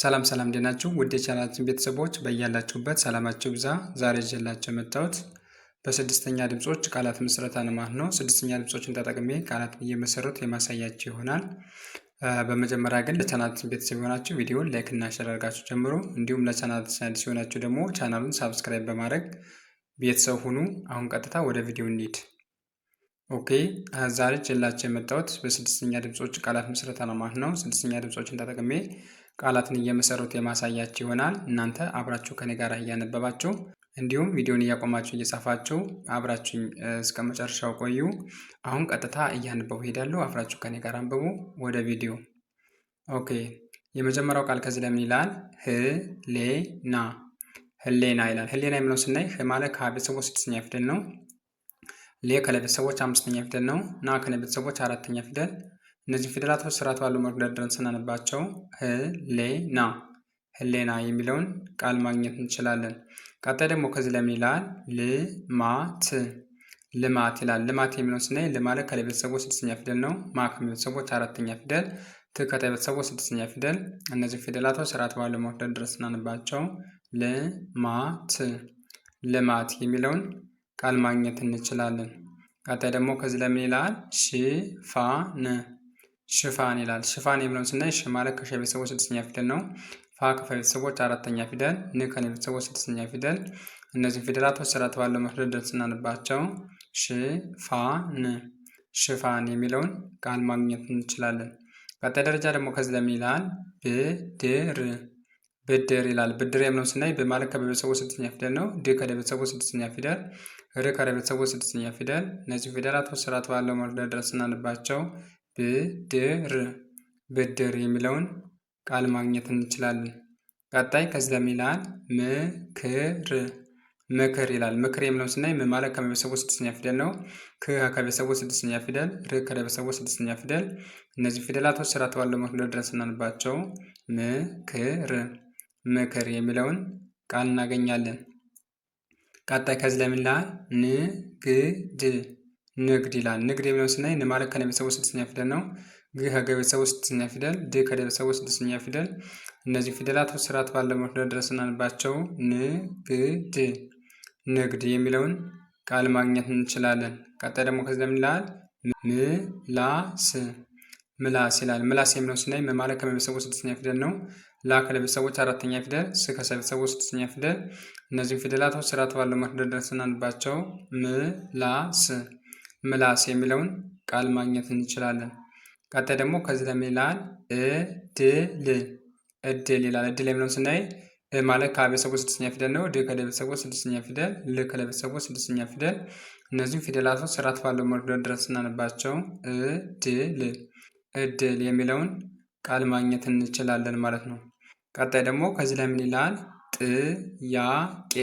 ሰላም ሰላም እንዴናችሁ ውድ የቻናላችን ቤተሰቦች በያላችሁበት ሰላማችሁ ብዛ። ዛሬ ይዤላችሁ የመጣሁት በስድስተኛ ድምፆች ቃላት ምስረታ ማለት ነው። ስድስተኛ ድምፆችን ተጠቅሜ ቃላት እየመሰረቱ የማሳያችሁ ይሆናል። በመጀመሪያ ግን ለቻናላችን ቤተሰብ የሆናችሁ ቪዲዮን ላይክ እና ሸር አድርጋችሁ ጀምሮ እንዲሁም ለቻናላችን አዲስ የሆናችሁ ደግሞ ቻናሉን ሳብስክራይብ በማድረግ ቤተሰብ ሁኑ። አሁን ቀጥታ ወደ ቪዲዮ እንሂድ። ኦኬ ዛሬ ጀላቸው የመጣሁት በስድስተኛ ድምፆች ቃላት ምስረታ ነው ማለት ነው። ስድስተኛ ድምፆችን ተጠቅሜ ቃላትን እየመሰረቱ የማሳያቸው ይሆናል። እናንተ አብራችሁ ከኔ ጋር እያነበባችሁ እንዲሁም ቪዲዮን እያቆማችሁ እየጻፋችሁ አብራችሁኝ እስከ መጨረሻው ቆዩ። አሁን ቀጥታ እያነበቡ ሄዳለሁ። አብራችሁ ከኔ ጋር አንብቡ። ወደ ቪዲዮ። ኦኬ የመጀመሪያው ቃል ከዚህ ለምን ይላል? ህሌና ህሌና ይላል። ህሌና የምለው ስናይ ማለት ከቤተሰቡ ስድስተኛ ፊደል ነው። ሌ ከለቤተሰቦች አምስተኛ ፊደል ነው። ና ከነቤተሰቦች አራተኛ ፊደል። እነዚህ ፊደላቶች ስርዓት ባለው መልኩ ደርድረን ስናነባቸው ህሌና ህሌና የሚለውን ቃል ማግኘት እንችላለን። ቀጣይ ደግሞ ከዚህ ለምን ይላል ልማት ልማት ይላል። ልማት የሚለውን ስናይ ልማለት ከለቤተሰቦች ስድስተኛ ፊደል ነው። ማ ከቤተሰቦች አራተኛ ፊደል ት ትከታይ ቤተሰቦች ስድስተኛ ፊደል። እነዚህ ፊደላቶች ስርዓት ባለው መልኩ ደርድረን ስናነባቸው ልማት ልማት የሚለውን ቃል ማግኘት እንችላለን። ቀጣይ ደግሞ ከዚህ ለምን ይላል ሽፋን ሽፋን ይላል። ሽፋን የሚለውን ስናይ ሽ ማለት ከሸ ቤተሰቦች ስድስተኛ ፊደል ነው። ፋ ከፈ ቤተሰቦች አራተኛ ፊደል፣ ን ከነ ቤተሰቦች ስድስተኛ ፊደል። እነዚህ ፊደላቶች ስርዓት ባለው መስደደር ስናንባቸው ሽፋን ሽፋን የሚለውን ቃል ማግኘት እንችላለን። ቀጣይ ደረጃ ደግሞ ከዚህ ለምን ይላል ብድር ብድር ይላል። ብድር የምለውን ስናይ በማለት ከቤተሰቦች ስድስተኛ ፊደል ነው። ድ ከደቤተሰቡ ስድስተኛ ፊደል፣ ር ከደቤተሰቡ ስድስተኛ ፊደል። እነዚህ ፊደላት ስርዓት ባለው መልኩ ድረስ ስናነባቸው ብድር ብድር የሚለውን ቃል ማግኘት እንችላለን። ቀጣይ ከዚህ ደግሞ ይላል ምክር ምክር ይላል። ምክር የምለውን ስናይ ም ማለት ከቤተሰቦች ስድስተኛ ፊደል ነው። ክ ከቤተሰቦች ስድስተኛ ፊደል፣ ር ከቤተሰቦች ስድስተኛ ፊደል። እነዚህ ፊደላቶች ስርዓት ባለው መልኩ ድረስ እናንባቸው ምክር ምክር የሚለውን ቃል እናገኛለን። ቀጣይ ከዚህ ለምን ንግድ ንግድ ይላል። ንግድ የሚለውን ስናይ ን ማለት ከነ ቤተሰቡ ስድስተኛ ፊደል ነው። ግ ከገ ቤተሰቡ ስድስተኛ ፊደል፣ ድ ከደ ቤተሰቡ ስድስተኛ ፊደል። እነዚህ ፊደላት ስርዓት ባለው መክደር ድረስ እናንባቸው። ንግድ ንግድ የሚለውን ቃል ማግኘት እንችላለን። ቀጣይ ደግሞ ከዚህ ለምን ላል ምላስ ምላስ ይላል። ምላስ የሚለውን ስናይ ም ማለት ከመ ቤተሰቡ ስድስተኛ ፊደል ነው። ላ ከለቤተሰቦች አራተኛ ፊደል፣ ስ ከሰቤተሰቦች ስድስተኛ ፊደል። እነዚህም ፊደላቶች ስርዓት ባለው መደርደር ስናነባቸው ምላስ ምላስ የሚለውን ቃል ማግኘት እንችላለን። ቀጣይ ደግሞ ከዚህ ለምን ይላል እድል እድል ይላል። እድል የሚለውን ስናይ ማለት ከቤተሰቦች ስድስተኛ ፊደል ነው። ድ ከደቤተሰቦች ስድስተኛ ፊደል፣ ል ከለቤተሰቦች ስድስተኛ ፊደል። እነዚህም ፊደላቶች ስርዓት ባለው መደርደር ስናነባቸው እድል እድል የሚለውን ቃል ማግኘት እንችላለን ማለት ነው። ቀጣይ ደግሞ ከዚህ ላይ ምን ይላል? ጥያቄ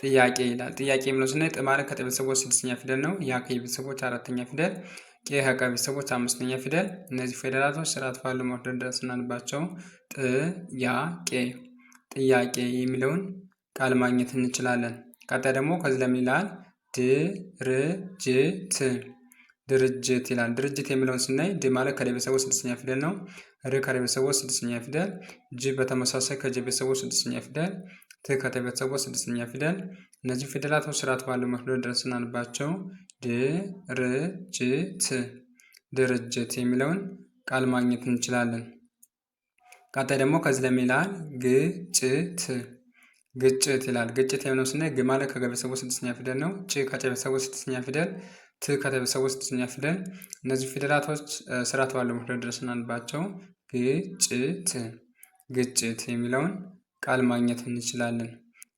ጥያቄ ይላል። ጥያቄ የሚለው ስናይ ጥ ማለት ከጠ ቤተሰቦች ስድስተኛ ፊደል ነው። ያ ከየ ቤተሰቦች አራተኛ ፊደል፣ ቄ ከቀ ቤተሰቦች አምስተኛ ፊደል። እነዚህ ፊደላቶች ስርዓት ባለው መውደድ ድረስ እናንባቸው። ጥያቄ ጥያቄ የሚለውን ቃል ማግኘት እንችላለን። ቀጣይ ደግሞ ከዚህ ላይ ምን ይላል? ድርጅት ድርጅት ይላል። ድርጅት የሚለውን ስናይ ድ ማለት ከደ ቤተሰቦች ስድስተኛ ፊደል ነው። ር ከረ ቤተሰቦች ስድስተኛ ፊደል። ጅ በተመሳሳይ ከጀ ቤተሰቦች ስድስተኛ ፊደል። ት ከተ ቤተሰቦች ስድስተኛ ፊደል። እነዚህ ፊደላት ስርዓት ባለው መፍሎ ድረስ እናንባቸው። ድርጅት ድርጅት የሚለውን ቃል ማግኘት እንችላለን። ቀጣይ ደግሞ ከዚህ ለሚላል ግጭት ግጭት ይላል። ግጭት የሚለውን ስናይ ግ ማለት ከገ ቤተሰቦች ስድስተኛ ፊደል ነው። ጭ ከጨ ቤተሰቦች ስድስተኛ ፊደል ት ከተሰወ ስድስተኛ ፊደል። እነዚህ ፊደላቶች ስርዓት ባለው መክደር ድረስ እናንባቸው። ግጭት ግጭት የሚለውን ቃል ማግኘት እንችላለን።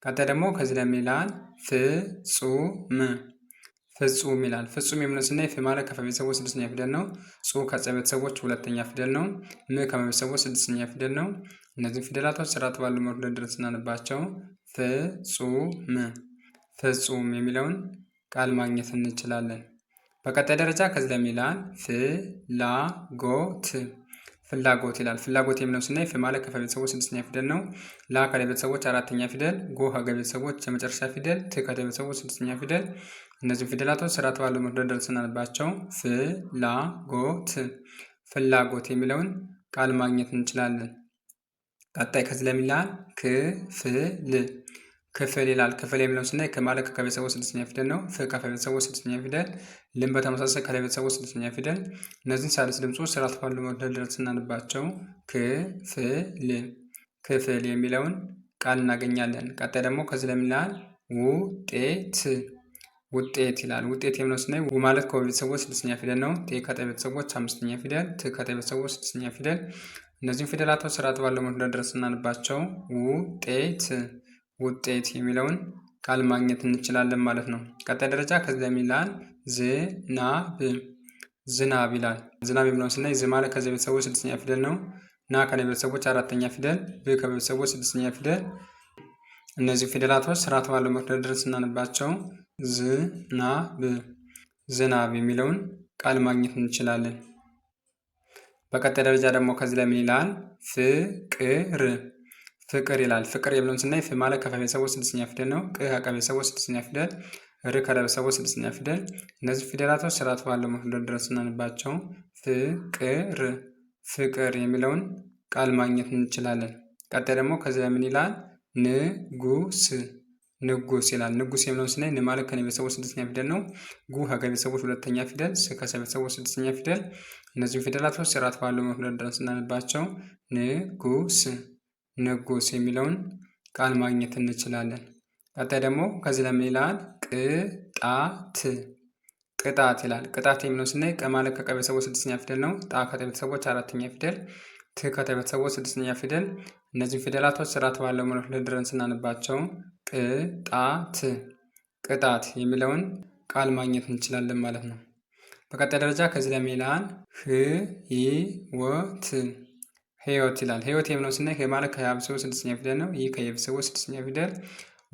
ቀጣይ ደግሞ ከዚህ ደግሞ ይላል ፍጹም ፍጹም ይላል። ፍጹም የሚለውን ስናይ ፍ ማለት ከፈ ቤተሰቦች ስድስተኛ ፊደል ነው። ጹ ከጸ ቤተሰቦች ሁለተኛ ፊደል ነው። ም ከመ ቤተሰቦች ስድስተኛ ፊደል ነው። እነዚህ ፊደላቶች ስርዓት ባለው መክደር ድረስ እናንባቸው። ፍጹም ፍጹም የሚለውን ቃል ማግኘት እንችላለን። በቀጣይ ደረጃ ከዚህ ላይ ይላል ፍላጎት ፍላጎት ይላል። ፍላጎት የሚለው ስናይ ፍ ማለት ከፈ ቤተሰቦች ስድስተኛ ፊደል ነው። ላ ከደ ቤተሰቦች አራተኛ ፊደል፣ ጎ ከገ ቤተሰቦች የመጨረሻ ፊደል፣ ት ከደ ቤተሰቦች ስድስተኛ ፊደል። እነዚህም ፊደላቶች ስርዓት ባለው መደርደር ደርሰናልባቸው። ፍላጎት ፍላጎት የሚለውን ቃል ማግኘት እንችላለን። ቀጣይ ከዚህ ለሚላል ክፍል ክፍል ይላል። ክፍል የሚለውን ስናይ ከማለ ከቤተሰቡ ስድስተኛ ፊደል ነው። ፍ ከቤተሰቡ ስድስተኛ ፊደል፣ ልን በተመሳሳይ ከቤተሰቡ ስድስተኛ ፊደል። እነዚህን ሳልስ ድምፆች ስራ ባሉ መወደል ድረስ እናንባቸው። ክፍል ክፍል የሚለውን ቃል እናገኛለን። ቀጣይ ደግሞ ከዚህ ለሚላል ውጤት ውጤት ይላል። ውጤት የሚለው ስናይ ው ማለት ከቤተሰቦች ስድስተኛ ፊደል ነው። ቴ ከጠ ቤተሰቦች አምስተኛ ፊደል፣ ት ከጠ ቤተሰቦች ስድስተኛ ፊደል። እነዚህም ፊደላቶች ስርዓት ባለው መሆን ድረስ እናንባቸው። ውጤት ውጤት የሚለውን ቃል ማግኘት እንችላለን ማለት ነው። ቀጣይ ደረጃ ከዚያ የሚላል ዝናብ ዝናብ ይላል። ዝናብ የሚለውን ስናይ ዝ ማለት ከዚ ቤተሰቦች ስድስተኛ ፊደል ነው። ና ከነ ቤተሰቦች አራተኛ ፊደል፣ ብ ከቤተሰቦች ስድስተኛ ፊደል። እነዚህ ፊደላቶች ስርዓት ባለው መክደር ድረስ ስናነባቸው ዝናብ ዝናብ የሚለውን ቃል ማግኘት እንችላለን። በቀጣይ ደረጃ ደግሞ ከዚህ ላይ ምን ይላል? ፍቅር ፍቅር ይላል። ፍቅር የሚለውን ስናይ ፍ ማለት ከፈ ቤተሰቦች ስድስተኛ ፊደል ነው። ቅ ከቀ ቤተሰቦች ስድስተኛ ፊደል፣ ር ከረ ቤተሰቦች ስድስተኛ ፊደል። እነዚህ ፊደላቶች ስርዓት ባለው መፍደር ድረስ ስናንባቸው ፍቅር ፍቅር የሚለውን ቃል ማግኘት እንችላለን። ቀጣይ ደግሞ ከዚያ ምን ይላል? ንጉስ ንጉስ ይላል። ንጉስ የሚለውን ስናይ ን ማለት ከነ ቤተሰቦች ስድስተኛ ፊደል ነው። ጉ ከገ ቤተሰቦች ሁለተኛ ፊደል፣ ስ ከሰ ቤተሰቦች ስድስተኛ ፊደል። እነዚህ ፊደላቶች ስርዓት ባለው መፍደር ድረስ ስናንባቸው ንጉስ ንጉስ የሚለውን ቃል ማግኘት እንችላለን። ቀጣይ ደግሞ ከዚህ ለምን ይላል? ቅጣት ቅጣት ይላል። ቅጣት የሚለው ስናይ ቀ ማለት ከቀ ቤተሰቦች ስድስተኛ ፊደል ነው። ጣ ከጠ ቤተሰቦች አራተኛ ፊደል፣ ት ከተ ቤተሰቦች ስድስተኛ ፊደል። እነዚህ ፊደላቶች ስርዓት ባለው መልኩ ልድረን ስናንባቸው ቅጣት ቅጣት የሚለውን ቃል ማግኘት እንችላለን ማለት ነው። በቀጣይ ደረጃ ከዚህ ለምን ይላል? ህይወት ህይወት ይላል። ህይወት የምለው ስናይ ማለት ከቤተሰቦች ስድስተኛ ፊደል ነው። ይህ ከቤተሰቦች ስድስተኛ ፊደል፣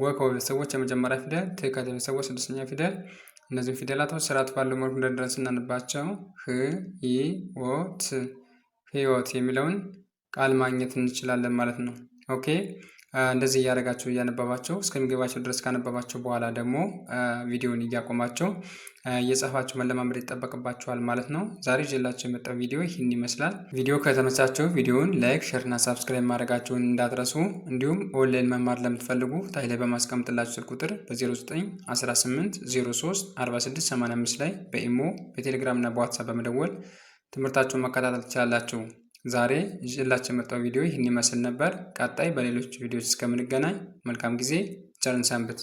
ወ ከቤተሰቦች የመጀመሪያ ፊደል፣ ት ከቤተሰቦች ስድስተኛ ፊደል። እነዚህም ፊደላቶች ስርዓት ባለው መልኩ እንደደረስ እናንባቸው። ህ ይ ወ ት ህይወት የሚለውን ቃል ማግኘት እንችላለን ማለት ነው። ኦኬ እንደዚህ እያደረጋቸው እያነበባቸው እስከሚገባቸው ድረስ ካነበባቸው በኋላ ደግሞ ቪዲዮን እያቆማቸው እየጻፋቸው መለማመድ ይጠበቅባቸዋል ማለት ነው። ዛሬ ጀላቸው የመጣው ቪዲዮ ይህን ይመስላል። ቪዲዮ ከተመቻቸው ቪዲዮን ላይክ፣ ሼርና ሳብስክራይብ ማድረጋቸውን እንዳትረሱ። እንዲሁም ኦንላይን መማር ለምትፈልጉ ታይ ላይ በማስቀምጥላቸው ስልክ ቁጥር በ0918034685 ላይ በኢሞ ና በዋትሳፕ በመደወል ትምህርታቸውን መከታተል ትችላላቸው። ዛሬ ይዤላችሁ የመጣው ቪዲዮ ይህን ይመስል ነበር። ቀጣይ በሌሎች ቪዲዮዎች እስከምንገናኝ መልካም ጊዜ፣ ቸርን ሰንብት።